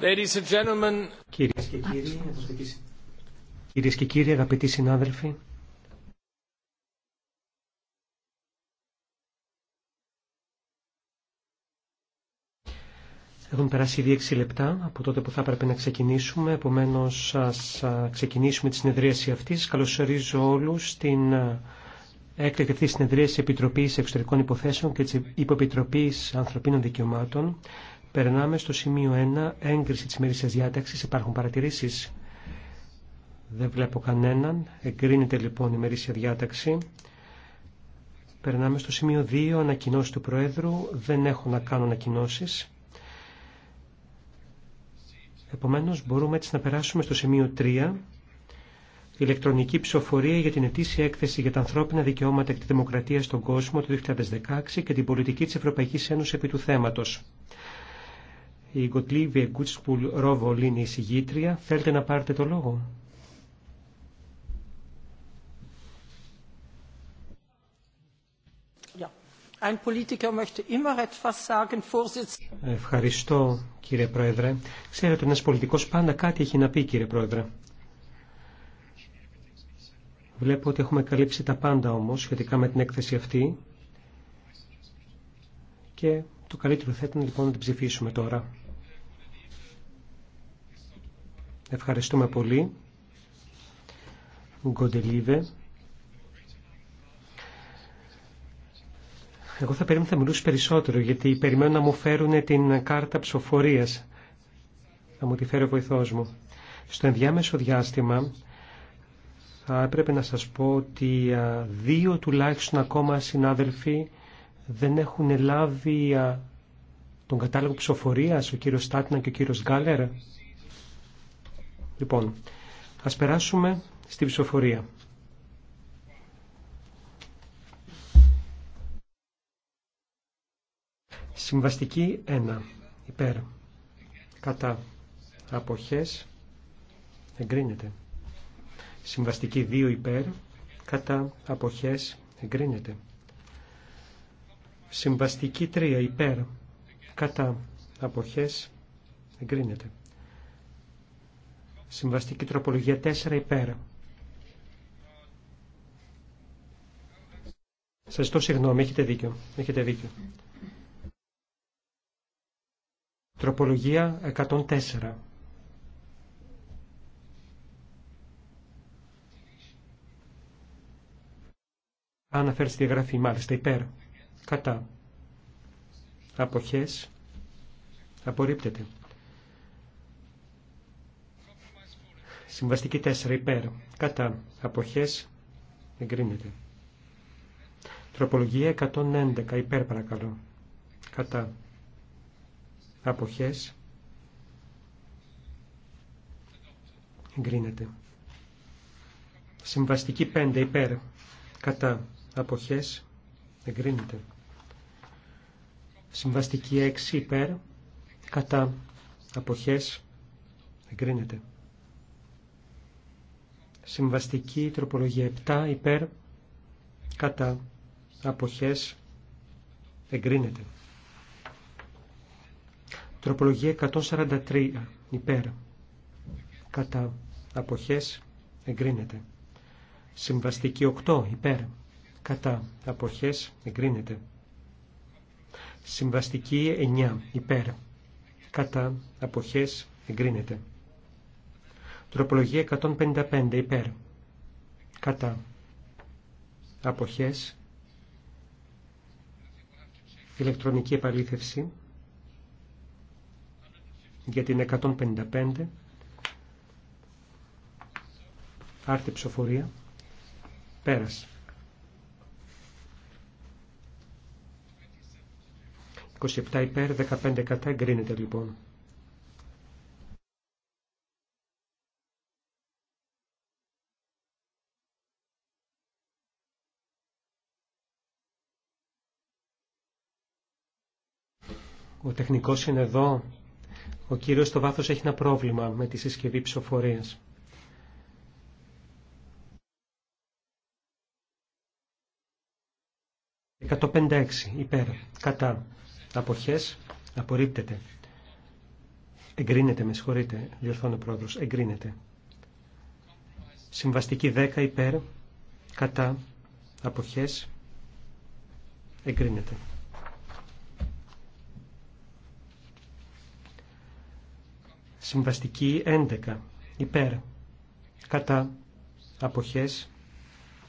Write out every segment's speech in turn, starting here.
Κυρίες και κύριοι, και κύριοι, αγαπητοί συνάδελφοι, Έχουν περάσει ήδη 6 λεπτά από τότε που θα έπρεπε να ξεκινήσουμε. Επομένω, α ξεκινήσουμε τη συνεδρίαση αυτή. καλωσορίζω όλου στην έκτακτη αυτή συνεδρίαση Επιτροπή Εξωτερικών Υποθέσεων και τη Υποπιτροπή Ανθρωπίνων Δικαιωμάτων. Περνάμε στο σημείο 1, έγκριση της μερίσιας διάταξης. Υπάρχουν παρατηρήσεις. Δεν βλέπω κανέναν. Εγκρίνεται λοιπόν η μερίσια διάταξη. Περνάμε στο σημείο 2, ανακοινώσει του Προέδρου. Δεν έχω να κάνω ανακοινώσει. Επομένως μπορούμε έτσι να περάσουμε στο σημείο 3, ηλεκτρονική ψηφοφορία για την ετήσια έκθεση για τα ανθρώπινα δικαιώματα και τη δημοκρατία στον κόσμο του 2016 και την πολιτική της Ευρωπαϊκής Ένωσης επί του θέματος. Η Γκοτλίβια Γκούτσπουλ Ρόβολ είναι η συγγήτρια. Θέλετε να πάρετε το λόγο. Ευχαριστώ κύριε Πρόεδρε. Ξέρετε ένας πολιτικός πάντα κάτι έχει να πει κύριε Πρόεδρε. Βλέπω ότι έχουμε καλύψει τα πάντα όμως σχετικά με την έκθεση αυτή και το καλύτερο θα λοιπόν να την ψηφίσουμε τώρα. Ευχαριστούμε πολύ. Γκοντελίβε. Εγώ θα περίμενα να μιλούσε περισσότερο, γιατί περιμένω να μου φέρουν την κάρτα ψηφοφορία. Θα μου τη φέρει ο βοηθό μου. Στο ενδιάμεσο διάστημα θα έπρεπε να σας πω ότι δύο τουλάχιστον ακόμα συνάδελφοι δεν έχουν λάβει τον κατάλογο ψηφοφορία, ο κύριος Στάτνα και ο κύριος Γκάλερ. Λοιπόν, ας περάσουμε στη ψηφοφορία. Συμβαστική 1. Υπέρ. Κατά. Αποχές. Εγκρίνεται. Συμβαστική 2 υπέρ. Κατά. Αποχές. Εγκρίνεται. Συμβαστική 3 υπέρ. Κατά. Αποχές. Εγκρίνεται. Συμβαστική τροπολογία 4 υπέρ. Σας ζητώ συγγνώμη, έχετε δίκιο. Έχετε δίκιο. Τροπολογία 104. Αναφέρει στη γραφή μάλιστα, υπέρ. Κατά. Αποχές. Απορρίπτεται. Συμβαστική 4 υπέρ. Κατά. Αποχές. Εγκρίνεται. Τροπολογία 111 υπέρ παρακαλώ. Κατά. Αποχές. Εγκρίνεται. Συμβαστική 5 υπέρ. Κατά. Αποχές. Εγκρίνεται. Συμβαστική 6 υπέρ. Κατά. Αποχές. Εγκρίνεται. Συμβαστική τροπολογία 7 υπέρ κατά αποχές εγκρίνεται. Τροπολογία 143 υπέρ κατά αποχές εγκρίνεται. Συμβαστική 8 υπέρ κατά αποχές εγκρίνεται. Συμβαστική 9 υπέρ κατά αποχές εγκρίνεται. Τροπολογία 155 υπέρ. Κατά. Αποχές. Ηλεκτρονική επαλήθευση. Για την 155. Άρτη ψηφοφορία. Πέρας. 27 υπέρ, 15 κατά εγκρίνεται λοιπόν. Ο τεχνικός είναι εδώ. Ο κύριος στο βάθος έχει ένα πρόβλημα με τη συσκευή ψηφοφορίας. ...156 υπέρ, κατά, αποχές, απορρίπτεται. Εγκρίνεται, με συγχωρείτε, διορθώνω πρόεδρος, εγκρίνεται. Συμβαστική 10 υπέρ, κατά, αποχές, εγκρίνεται. Συμβαστική 11. Υπέρ. Κατά. Αποχές.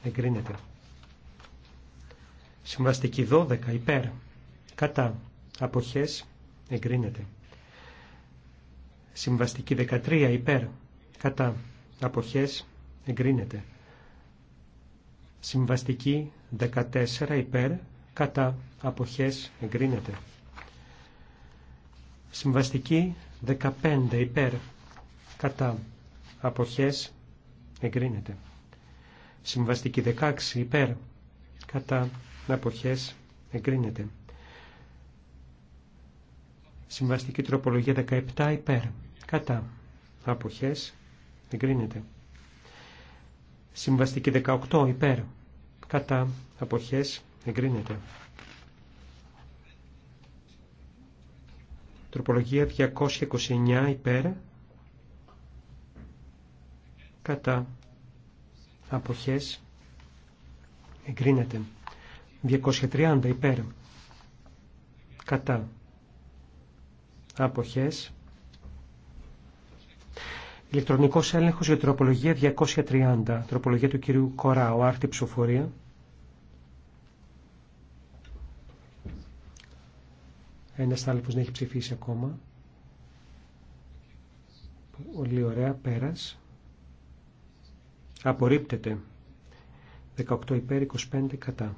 Εγκρίνεται. Συμβαστική 12. Υπέρ. Κατά. Αποχές. Εγκρίνεται. Συμβαστική 13. Υπέρ. Κατά. Αποχές. Εγκρίνεται. Συμβαστική 14. Υπέρ. Κατά. Αποχές. Εγκρίνεται. Συμβαστική 15 υπέρ κατά αποχές εγκρίνεται. Συμβαστική 16 υπέρ κατά αποχές εγκρίνεται. Συμβαστική τροπολογία 17 υπέρ κατά αποχές εγκρίνεται. Συμβαστική 18 υπέρ κατά αποχές εγκρίνεται. Τροπολογία 229 υπέρ. Κατά. Αποχές. Εγκρίνεται. 230 υπέρ. Κατά. Αποχές. Ηλεκτρονικός έλεγχος για τροπολογία 230. Τροπολογία του κυρίου Κοράου. Άρτη ψηφοφορία. Ένα άλλος να έχει ψηφίσει ακόμα. Πολύ ωραία, πέρα. Απορρίπτεται. 18 υπέρ, 25 κατά.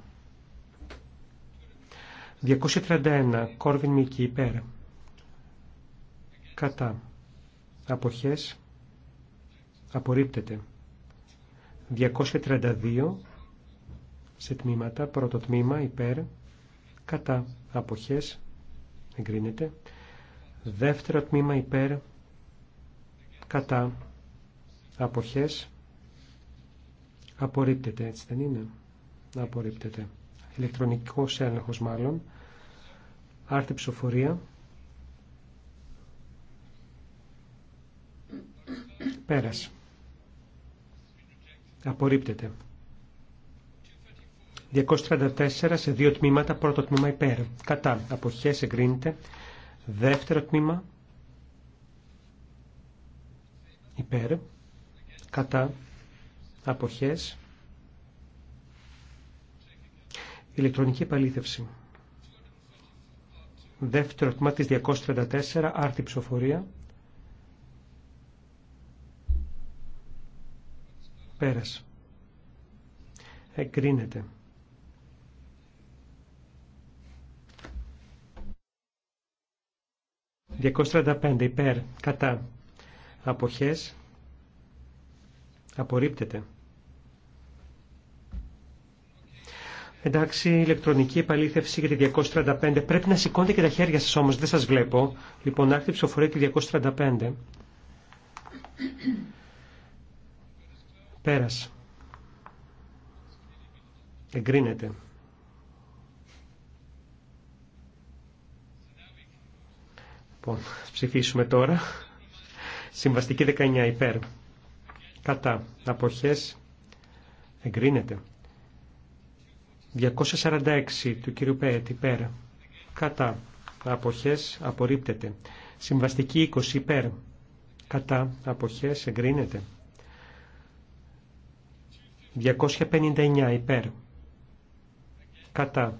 231. Κόρβιν Μίκη υπέρ. Κατά. Αποχές. Απορρίπτεται. 232. Σε τμήματα. Πρώτο τμήμα υπέρ. Κατά. Αποχές εγκρίνεται. Δεύτερο τμήμα υπέρ κατά αποχές απορρίπτεται, έτσι δεν είναι. Απορρίπτεται. Ηλεκτρονικός έλεγχος μάλλον. Άρτη ψηφοφορία. πέρασε, Απορρίπτεται. 234 σε δύο τμήματα, πρώτο τμήμα υπέρ. Κατά. Αποχές εγκρίνεται. Δεύτερο τμήμα υπέρ. Κατά. Αποχές. Ηλεκτρονική επαλήθευση. Δεύτερο τμήμα της 234, άρτη ψηφοφορία. Πέρασε. Εγκρίνεται. 235 υπέρ κατά αποχές απορρίπτεται. Εντάξει, ηλεκτρονική επαλήθευση για τη 235. Πρέπει να σηκώνετε και τα χέρια σας όμως, δεν σας βλέπω. Λοιπόν, άκτη ψηφοφορία τη 235. Πέρας. Εγκρίνεται. Λοιπόν, ψηφίσουμε τώρα. Συμβαστική 19 υπέρ. Κατά. Αποχές. Εγκρίνεται. 246 του κύριου Πέτ υπέρ. Κατά. Αποχές. Απορρίπτεται. Συμβαστική 20 υπέρ. Κατά. Αποχές. Εγκρίνεται. 259 υπέρ. Κατά.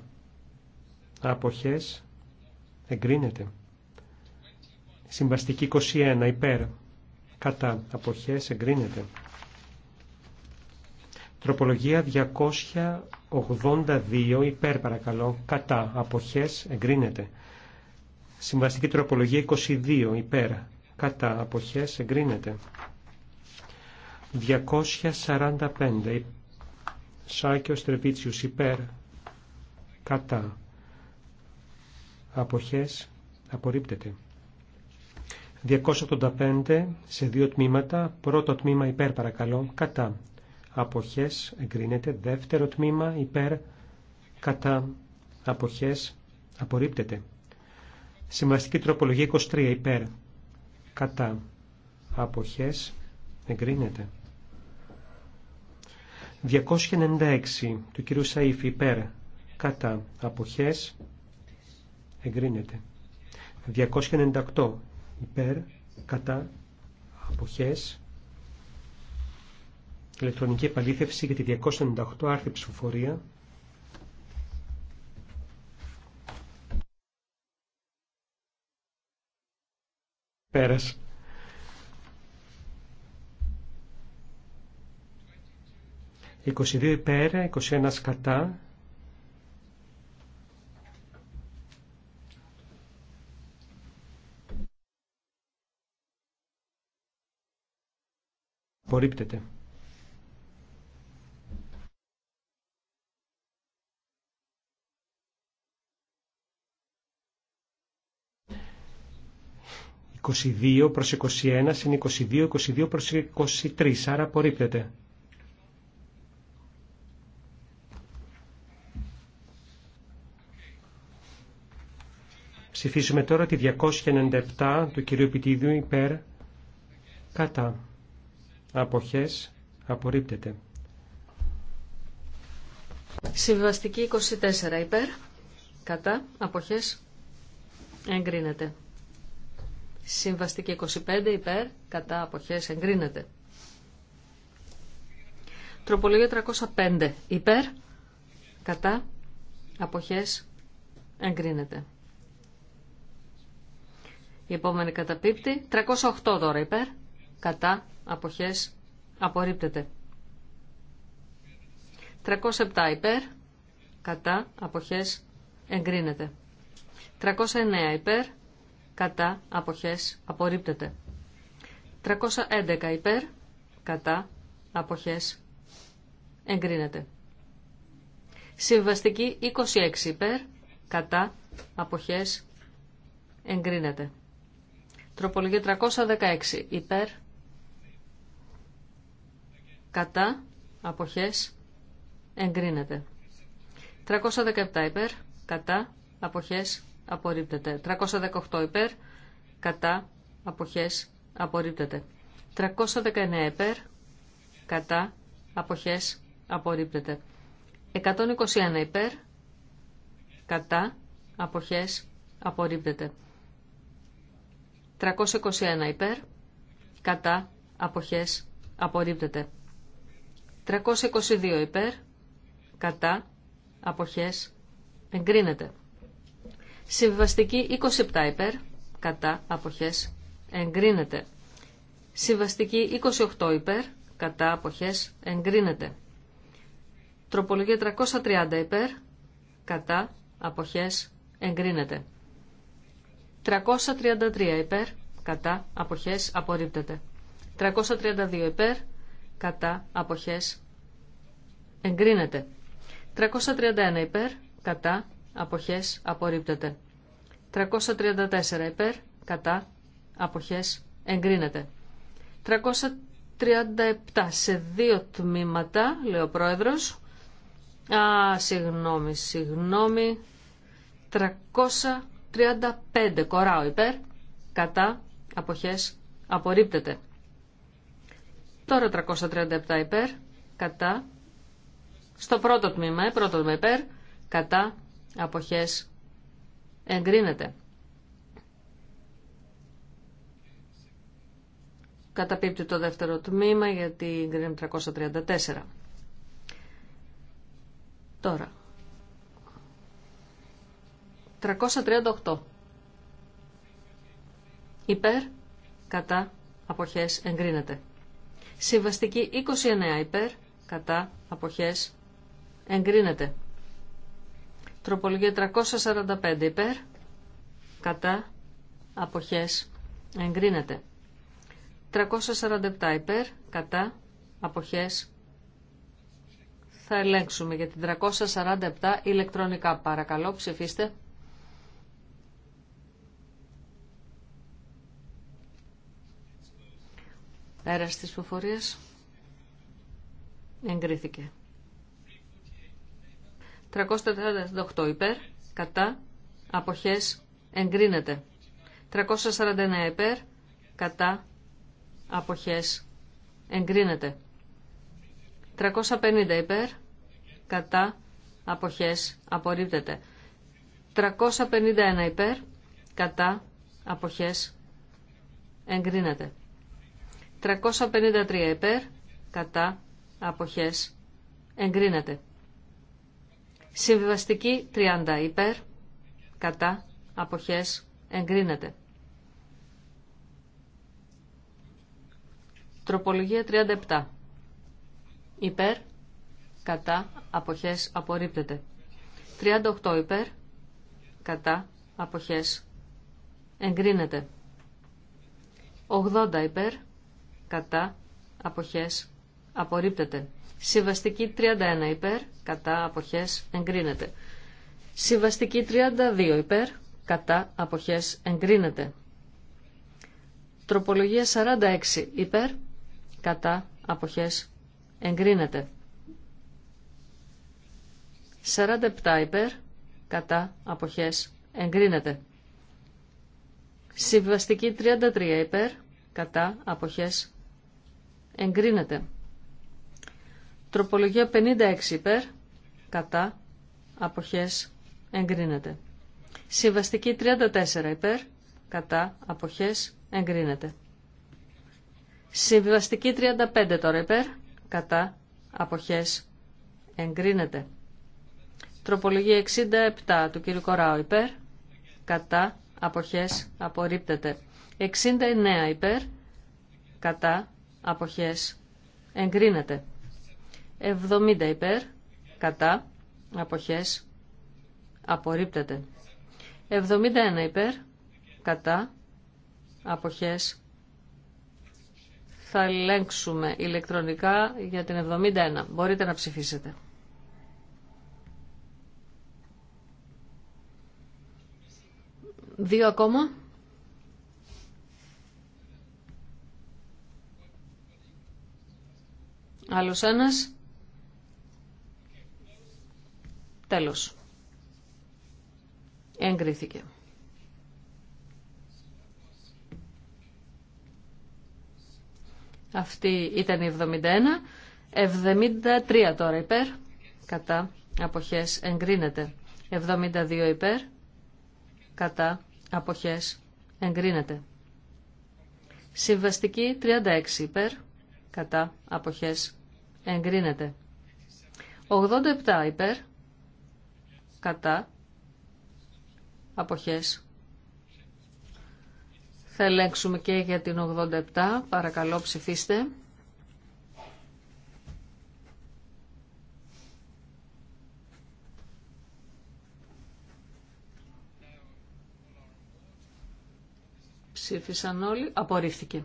Αποχές. Εγκρίνεται. Συμβαστική 21 υπέρ. Κατά αποχές εγκρίνεται. Τροπολογία 282 υπέρ παρακαλώ. Κατά αποχές εγκρίνεται. Συμβαστική τροπολογία 22 υπέρ. Κατά αποχές εγκρίνεται. 245 Σάκιο Στρεβίτσιους υπέρ. Κατά αποχές απορρίπτεται. 285 σε δύο τμήματα. Πρώτο τμήμα υπέρ παρακαλώ. Κατά. Αποχές εγκρίνεται. Δεύτερο τμήμα υπέρ. Κατά. Αποχές απορρίπτεται. Συμβαστική τροπολογία 23 υπέρ. Κατά. Αποχές εγκρίνεται. 296 του κυρίου Σαΐφ υπέρ. Κατά. Αποχές εγκρίνεται. 298 υπέρ, κατά, αποχές, ηλεκτρονική επαλήθευση για τη 298 άρθρη ψηφοφορία. Πέρας. 22 υπέρ, 21 κατά, Απορρίπτεται. «22 προς 21 είναι 22, 22 προς 23, άρα απορρίπτεται». Ψηφίσουμε τώρα τη 297 του κυρίου Πιτίδου υπέρ κατά αποχές απορρίπτεται. Συμβαστική 24 υπέρ, κατά, αποχές, εγκρίνεται. Συμβαστική 25 υπέρ, κατά, αποχές, εγκρίνεται. Τροπολογία 305 υπέρ, κατά, αποχές, εγκρίνεται. Η επόμενη καταπίπτει, 308 τώρα υπέρ, κατά, αποχές, απορρίπτεται. 307 υπέρ, κατά, αποχές, εγκρίνεται. 309 υπέρ, κατά, αποχές, απορρίπτεται. 311 υπέρ, κατά, αποχές, εγκρίνεται. Συμβαστική 26 υπέρ, κατά, αποχές, εγκρίνεται. Τροπολογία 316 υπέρ, κατά, αποχές, εγκρίνεται. 317 υπέρ, κατά, αποχές, απορρίπτεται. 318 υπέρ, κατά, αποχές, απορρίπτεται. 319 υπέρ, κατά, αποχές, απορρίπτεται. 121 υπέρ, κατά, αποχές, απορρίπτεται. 321 υπέρ, κατά, αποχές, απορρίπτεται. 322 υπέρ, κατά, αποχές, εγκρίνεται. Συμβαστική 27 υπέρ, κατά, αποχές, εγκρίνεται. Συμβαστική 28 υπέρ, κατά, αποχές, εγκρίνεται. Τροπολογία 330 υπέρ, κατά, αποχές, εγκρίνεται. 333 υπέρ, κατά, αποχές, απορρίπτεται. 332 υπέρ, κατά αποχές εγκρίνεται. 331 υπέρ κατά αποχές απορρίπτεται. 334 υπέρ κατά αποχές εγκρίνεται. 337 σε δύο τμήματα, λέει ο πρόεδρος. Α, συγγνώμη, συγγνώμη. 335 κοράω υπέρ κατά αποχές απορρίπτεται. Τώρα 337 υπέρ, κατά. Στο πρώτο τμήμα, πρώτο τμήμα υπέρ, κατά, αποχές, εγκρίνεται. Καταπίπτει το δεύτερο τμήμα γιατί εγκρίνεται 334. Τώρα. 338. Υπέρ, κατά, αποχές, εγκρίνεται. Συμβαστική 29 υπέρ, κατά, αποχές, εγκρίνεται. Τροπολογία 345 υπέρ, κατά, αποχές, εγκρίνεται. 347 υπέρ, κατά, αποχές, θα ελέγξουμε για την 347 ηλεκτρονικά. Παρακαλώ, ψηφίστε. Πέρασε τις προφορίας εγκρίθηκε. 348 υπέρ, κατά, αποχές, εγκρίνεται. 349 υπέρ, κατά, αποχές, εγκρίνεται. 350 υπέρ, κατά, αποχές, απορρίπτεται. 351 υπέρ, κατά, αποχές, εγκρίνεται. 353 υπέρ, κατά, αποχές, εγκρίνεται. Συμβιβαστική 30 υπέρ, κατά, αποχές, εγκρίνεται. Τροπολογία 37. Υπέρ, κατά, αποχές, απορρίπτεται. 38 υπέρ, κατά, αποχές, εγκρίνεται. 80 υπέρ, κατά, αποχές, απορρίπτεται. Συμβαστική 31 υπέρ, κατά, αποχές, εγκρίνεται. Συμβαστική 32 υπέρ, κατά, αποχές, εγκρίνεται. Τροπολογία 46 υπέρ, κατά, αποχές, εγκρίνεται. 47 υπέρ, κατά, αποχές, εγκρίνεται. Συμβαστική 33 υπέρ, κατά, αποχές, εγκρίνεται. Τροπολογία 56 υπέρ, κατά, αποχές, εγκρίνεται. Συμβαστική 34 υπέρ, κατά, αποχές, εγκρίνεται. Συμβαστική 35 τώρα υπέρ, κατά, αποχές, εγκρίνεται. Τροπολογία 67 του κ. Κοράου υπέρ, κατά, αποχές, απορρίπτεται. 69 υπέρ, κατά, αποχές εγκρίνεται. 70 υπέρ κατά αποχές απορρίπτεται. 71 υπέρ κατά αποχές θα ελέγξουμε ηλεκτρονικά για την 71. Μπορείτε να ψηφίσετε. Δύο ακόμα. Άλλος ένας. Τέλος. Εγκρίθηκε. Αυτή ήταν η 71. 73 τώρα υπέρ. Κατά. Αποχές εγκρίνεται. 72 υπέρ. Κατά. Αποχές εγκρίνεται. Συμβαστική 36 υπέρ κατά αποχές εγκρίνεται. 87 υπέρ κατά αποχές. Θα ελέγξουμε και για την 87. Παρακαλώ ψηφίστε. Ψήφισαν όλοι. Απορρίφθηκε.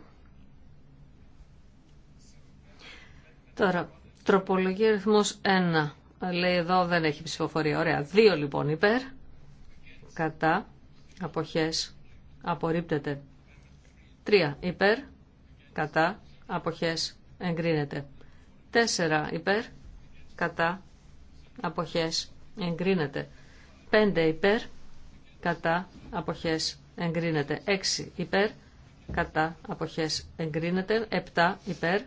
Τώρα, τροπολογία αριθμό 1. Λέει εδώ δεν έχει ψηφοφορία. Ωραία. 2 λοιπόν υπέρ. Κατά. Αποχές. Απορρίπτεται. 3 υπέρ. Κατά. Αποχές. Εγκρίνεται. 4 υπέρ. Κατά. Αποχές. Εγκρίνεται. 5 υπέρ. Κατά. Αποχές. Εγκρίνεται. 6 υπέρ. Κατά. Αποχές. Εγκρίνεται. 7 υπέρ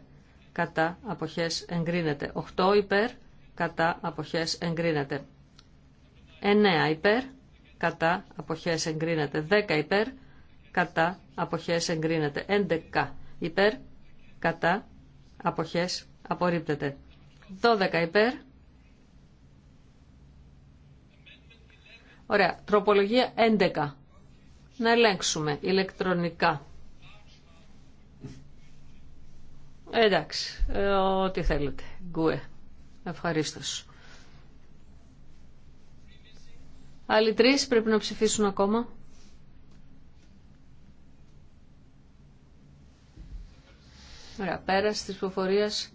κατά αποχές εγκρίνεται. 8 υπέρ, κατά αποχές εγκρίνεται. 9 υπέρ, κατά αποχές εγκρίνεται. 10 υπέρ, κατά αποχές εγκρίνεται. 11 υπέρ, κατά αποχές απορρίπτεται. 12 υπέρ. Ωραία, τροπολογία 11. Να ελέγξουμε ηλεκτρονικά. Εντάξει, ε, ό,τι θέλετε. Γκουε. Ευχαρίστω. Άλλοι τρει πρέπει να ψηφίσουν ακόμα. Ωραία, πέραση της προφορίας.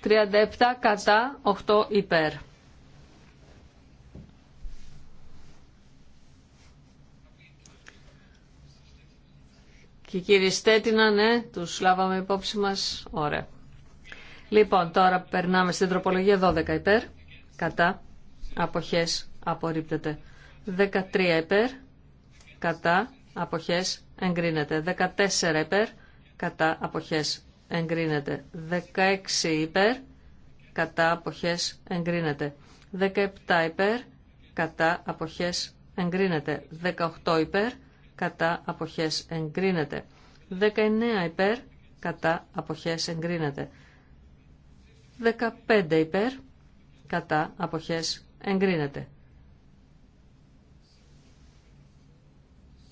37 κατά, 8 υπέρ. Και κύριε Στέτινα, ναι, τους λάβαμε υπόψη μας. Ωραία. Λοιπόν, τώρα περνάμε στην τροπολογία 12 υπέρ, κατά, αποχές, απορρίπτεται. 13 υπέρ, κατά, αποχές, εγκρίνεται. 14 υπέρ, κατά, αποχές, εγκρίνεται. 16 υπέρ, κατά, αποχές, εγκρίνεται. 17 υπέρ, κατά, αποχές, εγκρίνεται. 18 υπέρ, κατά αποχές εγκρίνεται. 19 υπέρ, κατά αποχές εγκρίνεται. 15 υπέρ, κατά αποχές εγκρίνεται.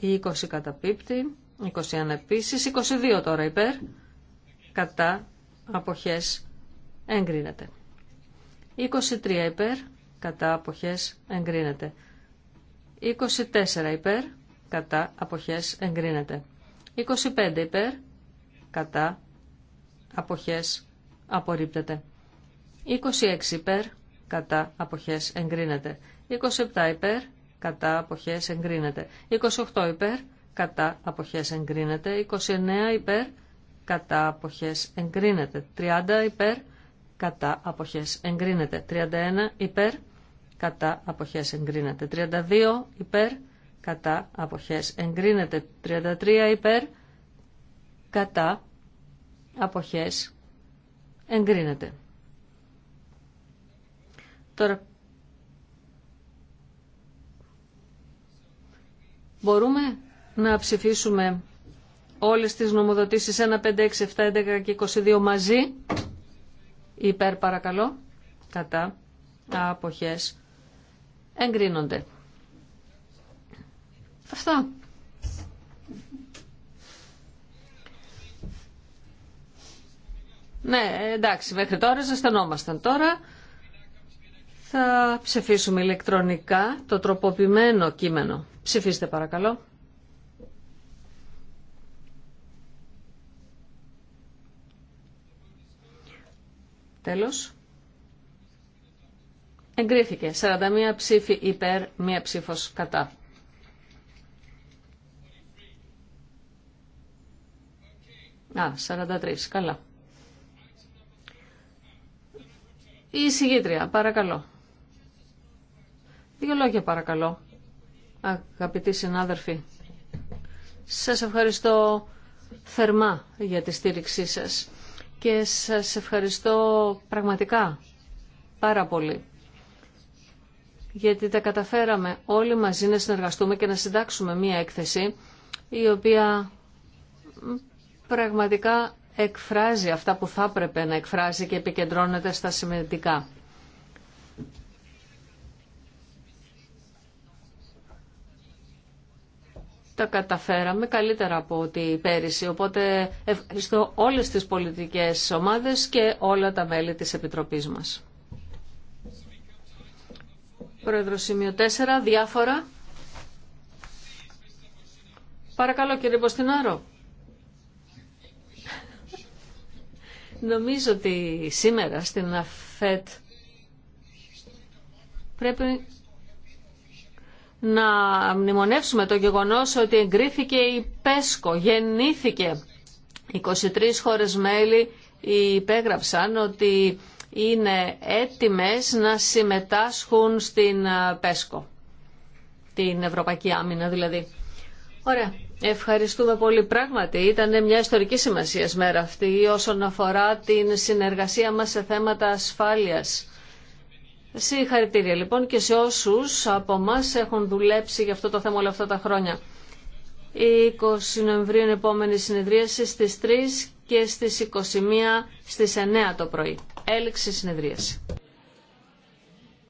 Η 20 καταπίπτει, 21 επίσης, 22 τώρα υπέρ, κατά αποχές εγκρίνεται. 23 υπέρ, κατά αποχές εγκρίνεται. 24 υπέρ, κατά αποχές εγκρίνεται. 25 υπέρ κατά αποχές απορρίπτεται. 26 υπέρ κατά αποχές εγκρίνεται. 27 υπέρ κατά αποχές εγκρίνεται. 28 υπέρ κατά αποχές εγκρίνεται. 29 υπέρ κατά αποχές εγκρίνεται. 30 υπέρ κατά αποχές εγκρίνεται. 31 υπέρ κατά αποχές εγκρίνεται. 32 υπέρ κατά αποχές εγκρίνεται 33 υπέρ κατά αποχές εγκρίνεται τώρα μπορούμε να ψηφίσουμε όλες τις νομοδοτήσεις 1, 5, 6, 7, 11 και 22 μαζί υπέρ παρακαλώ κατά αποχές εγκρίνονται Αυτά. Ναι, εντάξει, μέχρι τώρα ζεσθενόμασταν. Τώρα θα ψηφίσουμε ηλεκτρονικά το τροποποιημένο κείμενο. Ψηφίστε παρακαλώ. Τέλος. Εγκρίθηκε. 41 ψήφοι υπέρ, μία ψήφος κατά. Α, 43, καλά. Η εισηγήτρια, παρακαλώ. Δύο λόγια παρακαλώ, αγαπητοί συνάδελφοι. Σας ευχαριστώ θερμά για τη στήριξή σας και σας ευχαριστώ πραγματικά πάρα πολύ γιατί τα καταφέραμε όλοι μαζί να συνεργαστούμε και να συντάξουμε μία έκθεση η οποία πραγματικά εκφράζει αυτά που θα έπρεπε να εκφράζει και επικεντρώνεται στα σημαντικά. τα καταφέραμε καλύτερα από ότι πέρυσι. Οπότε ευχαριστώ όλες τις πολιτικές ομάδες και όλα τα μέλη της Επιτροπής μας. Πρόεδρο σημείο 4, διάφορα. Παρακαλώ κύριε Ποστινάρο. Νομίζω ότι σήμερα στην ΑΦΕΤ πρέπει να μνημονεύσουμε το γεγονός ότι εγκρίθηκε η ΠΕΣΚΟ, γεννήθηκε. 23 χώρες μέλη υπέγραψαν ότι είναι έτοιμες να συμμετάσχουν στην ΠΕΣΚΟ, την Ευρωπαϊκή Άμυνα δηλαδή. Ωραία. Ευχαριστούμε πολύ. Πράγματι, ήταν μια ιστορική σημασία μέρα αυτή όσον αφορά την συνεργασία μας σε θέματα ασφάλειας. Συγχαρητήρια λοιπόν και σε όσους από εμά έχουν δουλέψει για αυτό το θέμα όλα αυτά τα χρόνια. 20 Νοεμβρίου είναι επόμενη συνεδρίαση στις 3 και στις 21 στις 9 το πρωί. Έληξη συνεδρίαση.